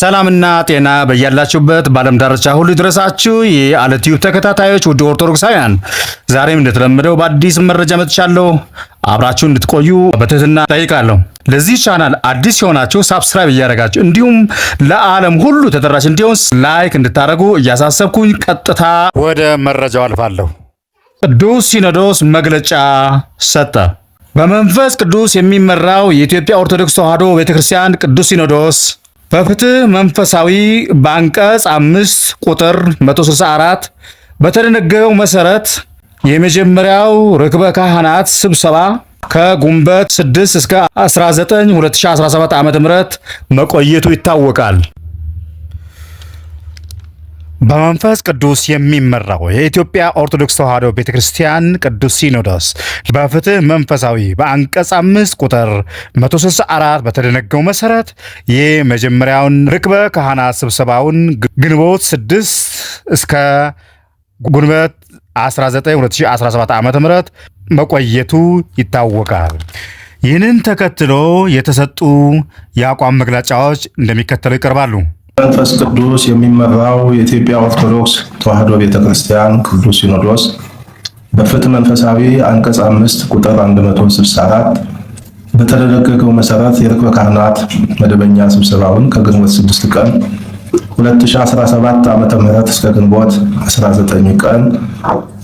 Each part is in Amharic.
ሰላምና ጤና በያላችሁበት በዓለም ዳርቻ ሁሉ ይድረሳችሁ። የአለ ተከታታዮች ውድ ኦርቶዶክሳውያን፣ ዛሬም እንደተለመደው በአዲስ መረጃ መጥቻለሁ። አብራችሁ እንድትቆዩ በትህትና ጠይቃለሁ። ለዚህ ቻናል አዲስ የሆናችሁ ሳብስክራይብ እያደረጋችሁ እንዲሁም ለዓለም ሁሉ ተደራሽ እንዲሆን ላይክ እንድታደረጉ እያሳሰብኩኝ ቀጥታ ወደ መረጃው አልፋለሁ። ቅዱስ ሲኖዶስ መግለጫ ሰጠ። በመንፈስ ቅዱስ የሚመራው የኢትዮጵያ ኦርቶዶክስ ተዋሕዶ ቤተክርስቲያን ቅዱስ ሲኖዶስ በፍትህ መንፈሳዊ በአንቀጽ አምስት ቁጥር 164 በተደነገገው መሰረት የመጀመሪያው ርክበ ካህናት ስብሰባ ከጉንበት 6 እስከ 19 2017 ዓ.ም መቆየቱ ይታወቃል። በመንፈስ ቅዱስ የሚመራው የኢትዮጵያ ኦርቶዶክስ ተዋሕዶ ቤተ ክርስቲያን ቅዱስ ሲኖዶስ በፍትህ መንፈሳዊ በአንቀጽ አምስት ቁጥር 164 በተደነገው መሰረት የመጀመሪያውን ርክበ ካህናት ስብሰባውን ግንቦት 6 እስከ ግንቦት 19 2017 ዓ ም መቆየቱ ይታወቃል። ይህንን ተከትሎ የተሰጡ የአቋም መግለጫዎች እንደሚከተለው ይቀርባሉ። መንፈስ ቅዱስ የሚመራው የኢትዮጵያ ኦርቶዶክስ ተዋሕዶ ቤተክርስቲያን ቅዱስ ሲኖዶስ በፍትህ መንፈሳዊ አንቀጽ አምስት ቁጥር 164 በተደነገገው መሰረት የርክበ ካህናት መደበኛ ስብሰባውን ከግንቦት 6 ቀን 2017 ዓ.ም ምህረት እስከ ግንቦት 19 ቀን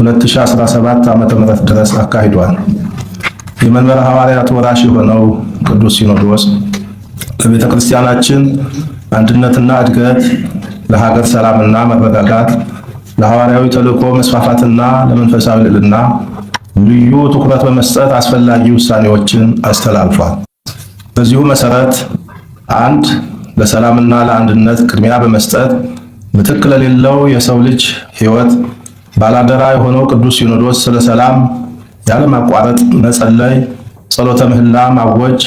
2017 ዓመተ ምህረት ድረስ አካሂዷል። የመንበረ ሐዋርያት ወራሽ የሆነው ቅዱስ ሲኖዶስ በቤተክርስቲያናችን አንድነትና እድገት፣ ለሀገር ሰላምና መረጋጋት፣ ለሐዋርያዊ ተልእኮ መስፋፋትና ለመንፈሳዊ ልዕልና ልዩ ትኩረት በመስጠት አስፈላጊ ውሳኔዎችን አስተላልፏል። በዚሁ መሰረት አንድ ለሰላምና ለአንድነት ቅድሚያ በመስጠት ምትክ ለሌለው የሰው ልጅ ሕይወት ባላደራ የሆነው ቅዱስ ሲኖዶስ ስለ ሰላም ያለማቋረጥ መጸለይ፣ ጸሎተ ምህላ ማወጅ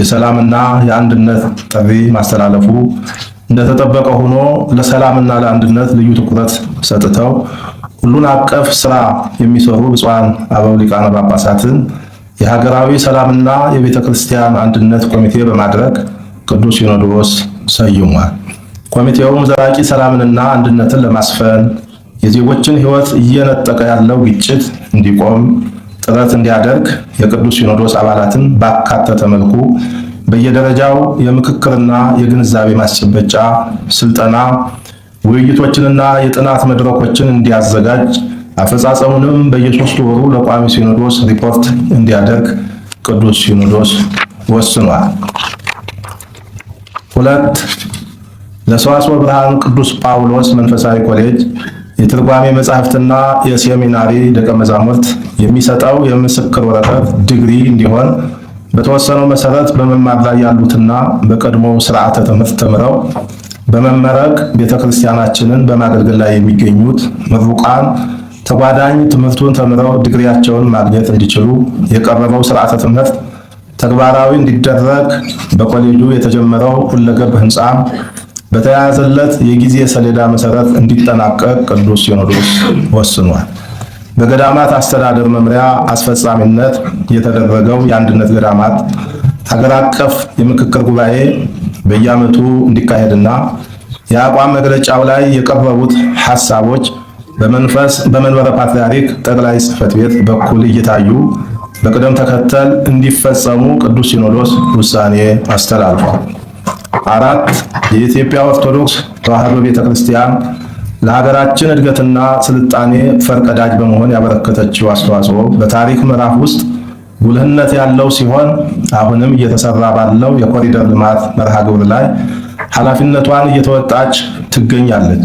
የሰላምና የአንድነት ጥሪ ማስተላለፉ እንደተጠበቀ ሆኖ ለሰላምና ለአንድነት ልዩ ትኩረት ሰጥተው ሁሉን አቀፍ ስራ የሚሰሩ ብፁዓን አበው ሊቃነ ጳጳሳትን የሀገራዊ ሰላምና የቤተ ክርስቲያን አንድነት ኮሚቴ በማድረግ ቅዱስ ሲኖዶስ ሰይሟል። ኮሚቴውም ዘላቂ ሰላምንና አንድነትን ለማስፈን የዜጎችን ሕይወት እየነጠቀ ያለው ግጭት እንዲቆም ጥረት እንዲያደርግ የቅዱስ ሲኖዶስ አባላትን ባካተተ መልኩ በየደረጃው የምክክርና የግንዛቤ ማስጨበጫ ስልጠና ውይይቶችንና የጥናት መድረኮችን እንዲያዘጋጅ አፈጻጸሙንም በየሶስት ወሩ ለቋሚ ሲኖዶስ ሪፖርት እንዲያደርግ ቅዱስ ሲኖዶስ ወስኗል። ሁለት ለሰዋስወ ብርሃን ቅዱስ ጳውሎስ መንፈሳዊ ኮሌጅ የትርጓሜ መጻሕፍትና የሴሚናሪ ደቀ መዛሙርት የሚሰጠው የምስክር ወረቀት ዲግሪ እንዲሆን በተወሰነው መሰረት በመማር ላይ ያሉትና በቀድሞ ስርዓተ ትምህርት ተምረው በመመረቅ ቤተክርስቲያናችንን በማገልገል ላይ የሚገኙት ምሩቃን ተጓዳኝ ትምህርቱን ተምረው ዲግሪያቸውን ማግኘት እንዲችሉ የቀረበው ስርዓተ ትምህርት ተግባራዊ እንዲደረግ በኮሌጁ የተጀመረው ሁለገብ ህንፃ በተያያዘለት የጊዜ ሰሌዳ መሰረት እንዲጠናቀቅ ቅዱስ ሲኖዶስ ወስኗል። በገዳማት አስተዳደር መምሪያ አስፈጻሚነት የተደረገው የአንድነት ገዳማት ሀገር አቀፍ የምክክር ጉባኤ በየዓመቱ እንዲካሄድና የአቋም መግለጫው ላይ የቀረቡት ሐሳቦች በመንፈስ በመንበረ ፓትርያርክ ጠቅላይ ጽሕፈት ቤት በኩል እየታዩ በቅደም ተከተል እንዲፈጸሙ ቅዱስ ሲኖዶስ ውሳኔ አስተላልፏል። አራት የኢትዮጵያ ኦርቶዶክስ ተዋሕዶ ቤተክርስቲያን ለሀገራችን እድገትና ስልጣኔ ፈርቀዳጅ በመሆን ያበረከተችው አስተዋጽኦ በታሪክ ምዕራፍ ውስጥ ጉልህነት ያለው ሲሆን አሁንም እየተሰራ ባለው የኮሪደር ልማት መርሃ ግብር ላይ ኃላፊነቷን እየተወጣች ትገኛለች።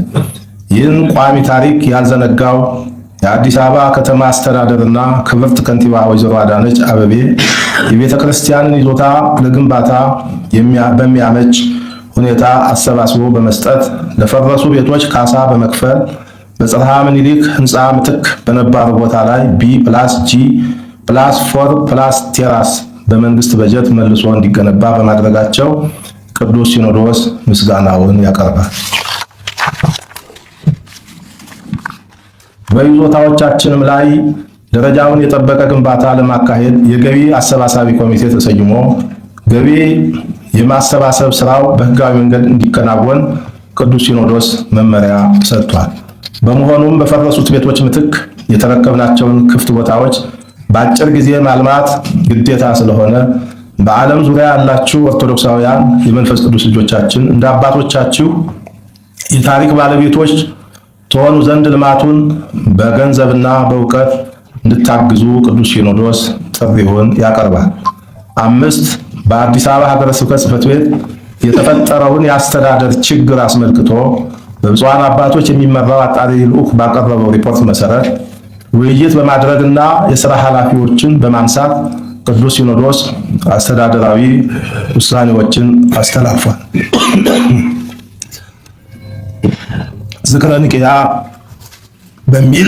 ይህን ቋሚ ታሪክ ያልዘነጋው የአዲስ አበባ ከተማ አስተዳደርና ክብርት ከንቲባ ወይዘሮ አዳነች አበቤ የቤተ ክርስቲያንን ይዞታ ለግንባታ በሚያመች ሁኔታ አሰባስቦ በመስጠት ለፈረሱ ቤቶች ካሳ በመክፈል በጽርሐ ምኒልክ ህንፃ ምትክ በነባሩ ቦታ ላይ ቢ ፕላስ ጂ ፕላስ ፎር ፕላስ ቴራስ በመንግስት በጀት መልሶ እንዲገነባ በማድረጋቸው ቅዱስ ሲኖዶስ ምስጋናውን ያቀርባል። በይዞታዎቻችንም ላይ ደረጃውን የጠበቀ ግንባታ ለማካሄድ የገቢ አሰባሳቢ ኮሚቴ ተሰይሞ ገቢ የማሰባሰብ ስራው በህጋዊ መንገድ እንዲከናወን ቅዱስ ሲኖዶስ መመሪያ ሰጥቷል። በመሆኑም በፈረሱት ቤቶች ምትክ የተረከብናቸውን ክፍት ቦታዎች በአጭር ጊዜ ማልማት ግዴታ ስለሆነ በዓለም ዙሪያ ያላችሁ ኦርቶዶክሳውያን የመንፈስ ቅዱስ ልጆቻችን እንደ አባቶቻችሁ የታሪክ ባለቤቶች ተሆኑ ዘንድ ልማቱን በገንዘብና በእውቀት እንድታግዙ ቅዱስ ሲኖዶስ ጥሪውን ያቀርባል። አምስት በአዲስ አበባ ሀገረ ስብከት ጽሕፈት ቤት የተፈጠረውን የአስተዳደር ችግር አስመልክቶ በብፁዓን አባቶች የሚመራው አጣሪ ልዑክ ባቀረበው ሪፖርት መሰረት ውይይት በማድረግና የሥራ ኃላፊዎችን በማንሳት ቅዱስ ሲኖዶስ አስተዳደራዊ ውሳኔዎችን አስተላልፏል። ዝክረ ንቅያ በሚል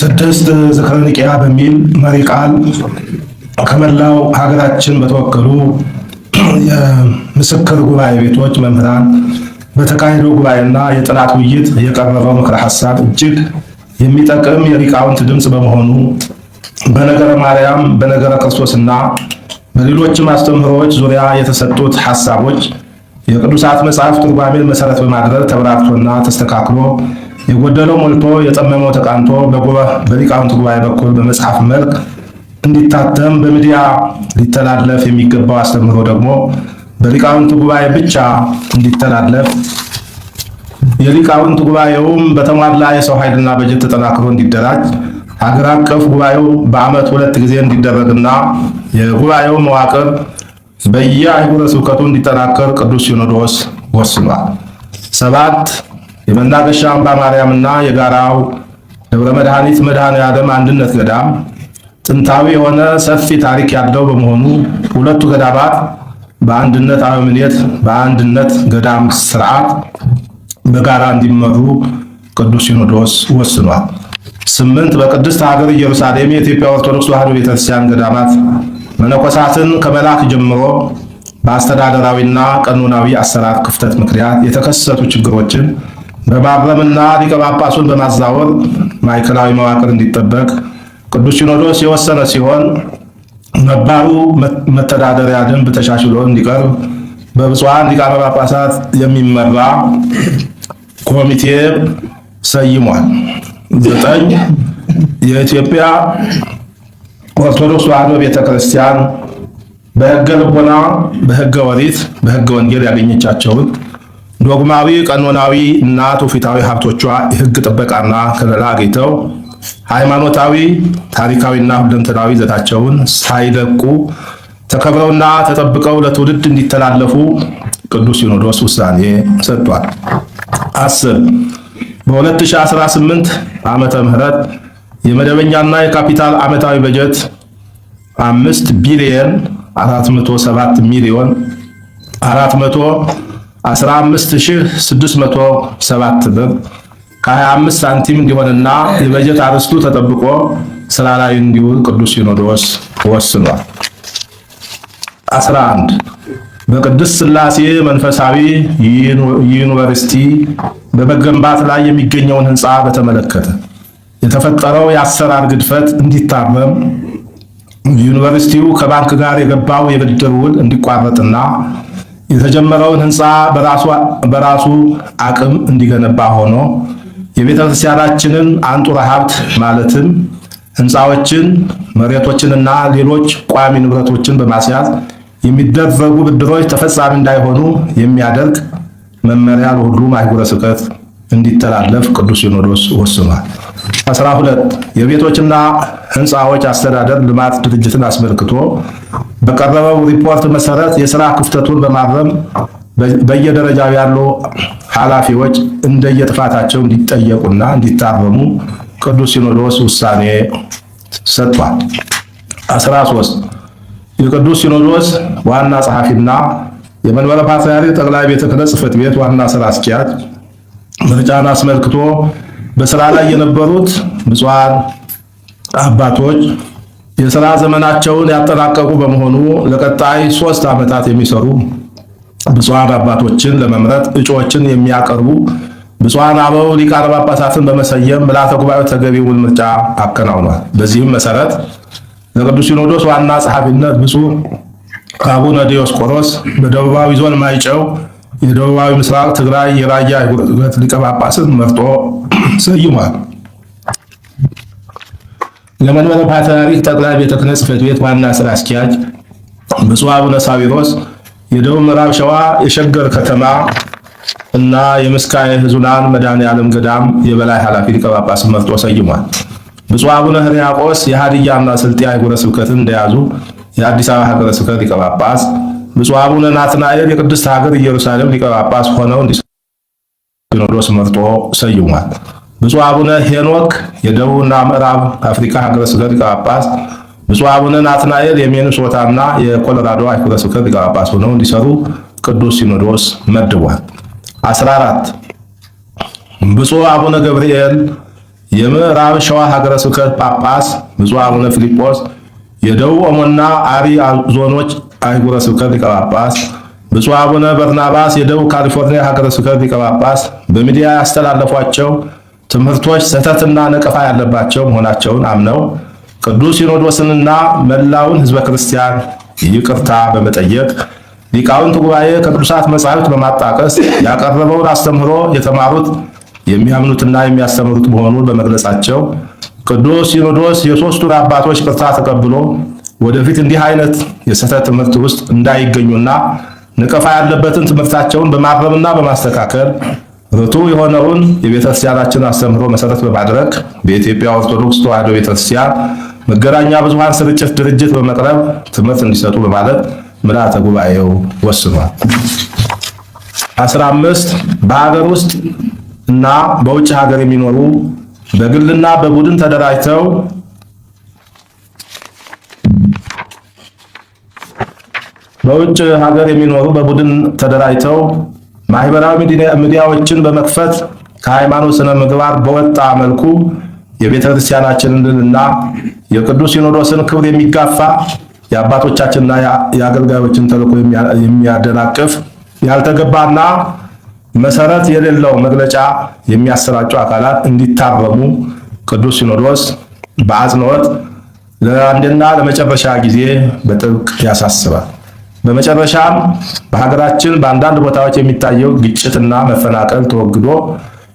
ስድስት ዝክረ በሚል መሪ ቃል ከመላው ሀገራችን በተወከሉ የምስክር ጉባኤ ቤቶች መምህራን በተካሄደው ጉባኤና የጥናት ውይይት የቀረበው ምክረ ሀሳብ እጅግ የሚጠቅም የሊቃውንት ድምፅ በመሆኑ በነገረ ማርያም በነገረ ክርስቶስና በሌሎችም አስተምህሮዎች ዙሪያ የተሰጡት ሀሳቦች የቅዱሳት መጽሐፍ ትርጓሜን መሰረት በማድረግ ተብራርቶና ተስተካክሎ የጎደለው ሞልቶ የጠመመው ተቃንቶ በሊቃውንት ጉባኤ በኩል በመጽሐፍ መልክ እንዲታተም በሚዲያ ሊተላለፍ የሚገባው አስተምህሮ ደግሞ በሊቃውንት ጉባኤ ብቻ እንዲተላለፍ የሊቃውንት ጉባኤውም በተሟላ የሰው ኃይልና በጀት ተጠናክሮ እንዲደራጅ ሀገር አቀፍ ጉባኤው በዓመት ሁለት ጊዜ እንዲደረግና የጉባኤው መዋቅር በየአህጉረ ስብከቱ እንዲጠናከር ቅዱስ ሲኖዶስ ወስኗል። ሰባት የመናገሻ አምባ ማርያምና የጋራው ደብረ መድኃኒት መድኃኔ ዓለም አንድነት ገዳም ጥንታዊ የሆነ ሰፊ ታሪክ ያለው በመሆኑ ሁለቱ ገዳማት በአንድነት አበምኔት በአንድነት ገዳም ስርዓት በጋራ እንዲመሩ ቅዱስ ሲኖዶስ ወስኗል። ስምንት በቅድስት ሀገር ኢየሩሳሌም የኢትዮጵያ ኦርቶዶክስ ተዋሕዶ ቤተክርስቲያን ገዳማት መነኮሳትን ከመላክ ጀምሮ በአስተዳደራዊና ቀኖናዊ አሰራር ክፍተት ምክንያት የተከሰቱ ችግሮችን በማረምና ሊቀ ጳጳሱን በማዛወር ማዕከላዊ መዋቅር እንዲጠበቅ ቅዱስ ሲኖዶስ የወሰነ ሲሆን ነባሩ መተዳደሪያ ደንብ ተሻሽሎ እንዲቀርብ በብፁዓን ሊቃነ ጳጳሳት የሚመራ ኮሚቴ ሰይሟል። ዘጠኝ የኢትዮጵያ ኦርቶዶክስ ተዋሕዶ ቤተ ክርስቲያን በሕገ ልቦና፣ በሕገ ወሪት በሕገ ወንጌል ያገኘቻቸውን ዶግማዊ፣ ቀኖናዊ እና ትውፊታዊ ሀብቶቿ የህግ ጥበቃና ከለላ አግኝተው ሃይማኖታዊ፣ ታሪካዊና ሁለንተናዊ ይዘታቸውን ሳይለቁ ተከብረውና ተጠብቀው ለትውልድ እንዲተላለፉ ቅዱስ ሲኖዶስ ውሳኔ ሰጥቷል። አስር በ2018 ዓመተ ምህረት የመደበኛና የካፒታል ዓመታዊ በጀት 5 ቢሊየን 407 ሚሊዮን 400 15607 ብር ከ25 ሳንቲም እንዲሆንና የበጀት አርዕስቱ ተጠብቆ ስራ ላይ እንዲውል ቅዱስ ሲኖዶስ ወስኗል። 11 በቅድስት ሥላሴ መንፈሳዊ ዩኒቨርሲቲ በመገንባት ላይ የሚገኘውን ህንፃ በተመለከተ የተፈጠረው የአሰራር ግድፈት እንዲታረም ዩኒቨርሲቲው ከባንክ ጋር የገባው የብድር ውል እንዲቋረጥና የተጀመረውን ህንፃ በራሱ አቅም እንዲገነባ ሆኖ የቤተክርስቲያናችንን አንጡራ ሀብት ማለትም ህንፃዎችን፣ መሬቶችንና ሌሎች ቋሚ ንብረቶችን በማስያዝ የሚደረጉ ብድሮች ተፈጻሚ እንዳይሆኑ የሚያደርግ መመሪያ ለሁሉም አህጉረ ስብከት እንዲተላለፍ ቅዱስ ሲኖዶስ ወስኗል። 12 የቤቶችና ህንፃዎች አስተዳደር ልማት ድርጅትን አስመልክቶ በቀረበው ሪፖርት መሰረት የስራ ክፍተቱን በማረም በየደረጃው ያሉ ኃላፊዎች እንደየጥፋታቸው እንዲጠየቁና እንዲታረሙ ቅዱስ ሲኖዶስ ውሳኔ ሰጥቷል። 13 የቅዱስ ሲኖዶስ ዋና ጸሐፊና የመንበረ ፓትርያርክ ጠቅላይ ቤተ ክህነት ጽሕፈት ቤት ዋና ስራ አስኪያጅ ምርጫን አስመልክቶ በስራ ላይ የነበሩት ብፁዓን አባቶች የሥራ ዘመናቸውን ያጠናቀቁ በመሆኑ ለቀጣይ ሶስት ዓመታት የሚሰሩ ብፁዓን አባቶችን ለመምረጥ እጩዎችን የሚያቀርቡ ብፁዓን አበው ሊቃነ ጳጳሳትን በመሰየም ምልዓተ ጉባኤው ተገቢውን ምርጫ አከናውኗል። በዚህም መሰረት ለቅዱስ ሲኖዶስ ዋና ጸሐፊነት ብፁዕ አቡነ ዲዮስቆሮስ በደቡባዊ ዞን ማይጨው የደቡባዊ ምስራቅ ትግራይ የራያ ሀገረ ስብከት ሊቀ ጳጳስን መርጦ ሰይሟል። ለመንበረ ፓትርያርክ ጠቅላይ ቤተ ክህነት ጽሕፈት ቤት ዋና ስራ አስኪያጅ ብፁዕ አቡነ ሳዊሮስ የደቡብ ምዕራብ ሸዋ የሸገር ከተማ እና የምስካየ ሕዙናን መድኃኔ ዓለም ገዳም የበላይ ኃላፊ ሊቀ ጳጳስ መርጦ ሰይሟል። ብፁዕ አቡነ ሕርያቆስ የሀዲያና ስልጤ አህጉረ ስብከትን እንደያዙ የአዲስ አበባ ሀገረ ስብከት ሊቀ ጳጳስ፣ ብፁዕ አቡነ ናትናኤል የቅድስት ሀገር ኢየሩሳሌም ሊቀ ጳጳስ ሆነው ሲኖዶስ መርጦ ሰይሟል። ብፁዕ አቡነ ሄኖክ የደቡብና ምዕራብ አፍሪካ ሀገረ ስብከት ሊቀ ጳጳስ፣ ብፁዕ አቡነ ናትናኤል የሚኒሶታና የኮሎራዶ ሀገረ ስብከት ሊቀ ጳጳስ ሆነው እንዲሰሩ ቅዱስ ሲኖዶስ መድቧል። 14 ብፁዕ አቡነ ገብርኤል የምዕራብ ሸዋ ሀገረ ስብከት ጳጳስ፣ ብፁዕ አቡነ ፊልጶስ የደቡብ ኦሞና አሪ ዞኖች አህጉረ ስብከት ሊቀ ጳጳስ፣ ብፁዕ አቡነ በርናባስ የደቡብ ካሊፎርኒያ ሀገረ ስብከት ሊቀ ጳጳስ በሚዲያ ያስተላለፏቸው ትምህርቶች ስህተትና ነቀፋ ያለባቸው መሆናቸውን አምነው ቅዱስ ሲኖዶስንና መላውን ሕዝበ ክርስቲያን ይቅርታ በመጠየቅ ሊቃውንት ጉባኤ ከቅዱሳት መጻሕፍት በማጣቀስ ያቀረበውን አስተምህሮ የተማሩት የሚያምኑትና የሚያስተምሩት መሆኑን በመግለጻቸው ቅዱስ ሲኖዶስ የሦስቱን አባቶች ቅርታ ተቀብሎ ወደፊት እንዲህ አይነት የስህተት ትምህርት ውስጥ እንዳይገኙና ነቀፋ ያለበትን ትምህርታቸውን በማረምና በማስተካከል ርቱ የሆነውን የቤተክርስቲያናችን አስተምህሮ መሰረት በማድረግ በኢትዮጵያ ኦርቶዶክስ ተዋሕዶ ቤተክርስቲያን መገናኛ ብዙሃን ስርጭት ድርጅት በመቅረብ ትምህርት እንዲሰጡ በማለት ምልዓተ ጉባኤው ወስኗል። 15 በሀገር ውስጥ እና በውጭ ሀገር የሚኖሩ በግልና በቡድን ተደራጅተው በውጭ ሀገር የሚኖሩ በቡድን ተደራጅተው ማህበራዊ ሚዲያዎችን በመክፈት ከሃይማኖት ስነ ምግባር በወጣ መልኩ የቤተ ክርስቲያናችንንና የቅዱስ ሲኖዶስን ክብር የሚጋፋ የአባቶቻችንና የአገልጋዮችን ተልዕኮ የሚያደናቅፍ ያልተገባና መሰረት የሌለው መግለጫ የሚያሰራጩ አካላት እንዲታረሙ ቅዱስ ሲኖዶስ በአጽንኦት ለአንድና ለመጨረሻ ጊዜ በጥብቅ ያሳስባል። በመጨረሻም በሀገራችን በአንዳንድ ቦታዎች የሚታየው ግጭትና መፈናቀል ተወግዶ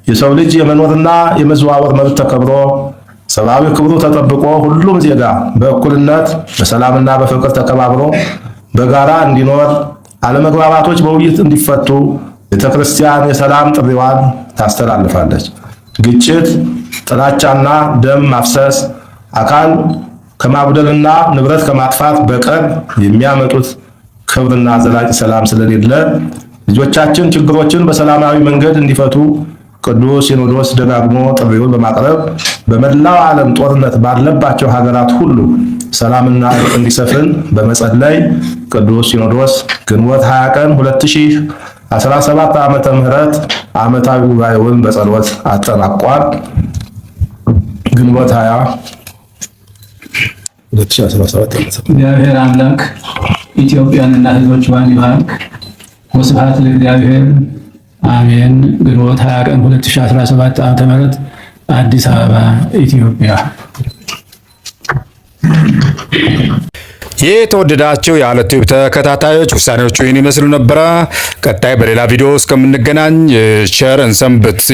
የሰው ልጅ የመኖርና የመዘዋወር መብት ተከብሮ ሰብአዊ ክብሩ ተጠብቆ ሁሉም ዜጋ በእኩልነት በሰላምና በፍቅር ተከባብሮ በጋራ እንዲኖር አለመግባባቶች በውይይት እንዲፈቱ ቤተ ክርስቲያን የሰላም ጥሪዋን ታስተላልፋለች። ግጭት፣ ጥላቻና ደም ማፍሰስ አካል ከማጉደልና ንብረት ከማጥፋት በቀር የሚያመጡት ክብርና ዘላቂ ሰላም ስለሌለ ልጆቻችን ችግሮችን በሰላማዊ መንገድ እንዲፈቱ ቅዱስ ሲኖዶስ ደጋግሞ ጥሪውን በማቅረብ በመላው ዓለም ጦርነት ባለባቸው ሀገራት ሁሉ ሰላምና እርቅ እንዲሰፍን በመጸለይ ቅዱስ ሲኖዶስ ግንቦት 20 ቀን 2017 ዓመተ ምህረት ዓመታዊ ጉባኤውን በጸሎት አጠናቋል። ግንቦት 20 2017 ዓመተ ምህረት ኢትዮጵያንና ህዝቦች ባን ይባርክ። ወስብሐት ለእግዚአብሔር አሜን። ግንቦት 20 ቀን 2017 ዓ.ም አዲስ አበባ ኢትዮጵያ። የተወደዳቸው የአለት ዩቲዩብ ተከታታዮች ውሳኔዎቹ ይህን ይመስሉ ነበረ። ቀጣይ በሌላ ቪዲዮ እስከምንገናኝ ቸር እንሰንብት።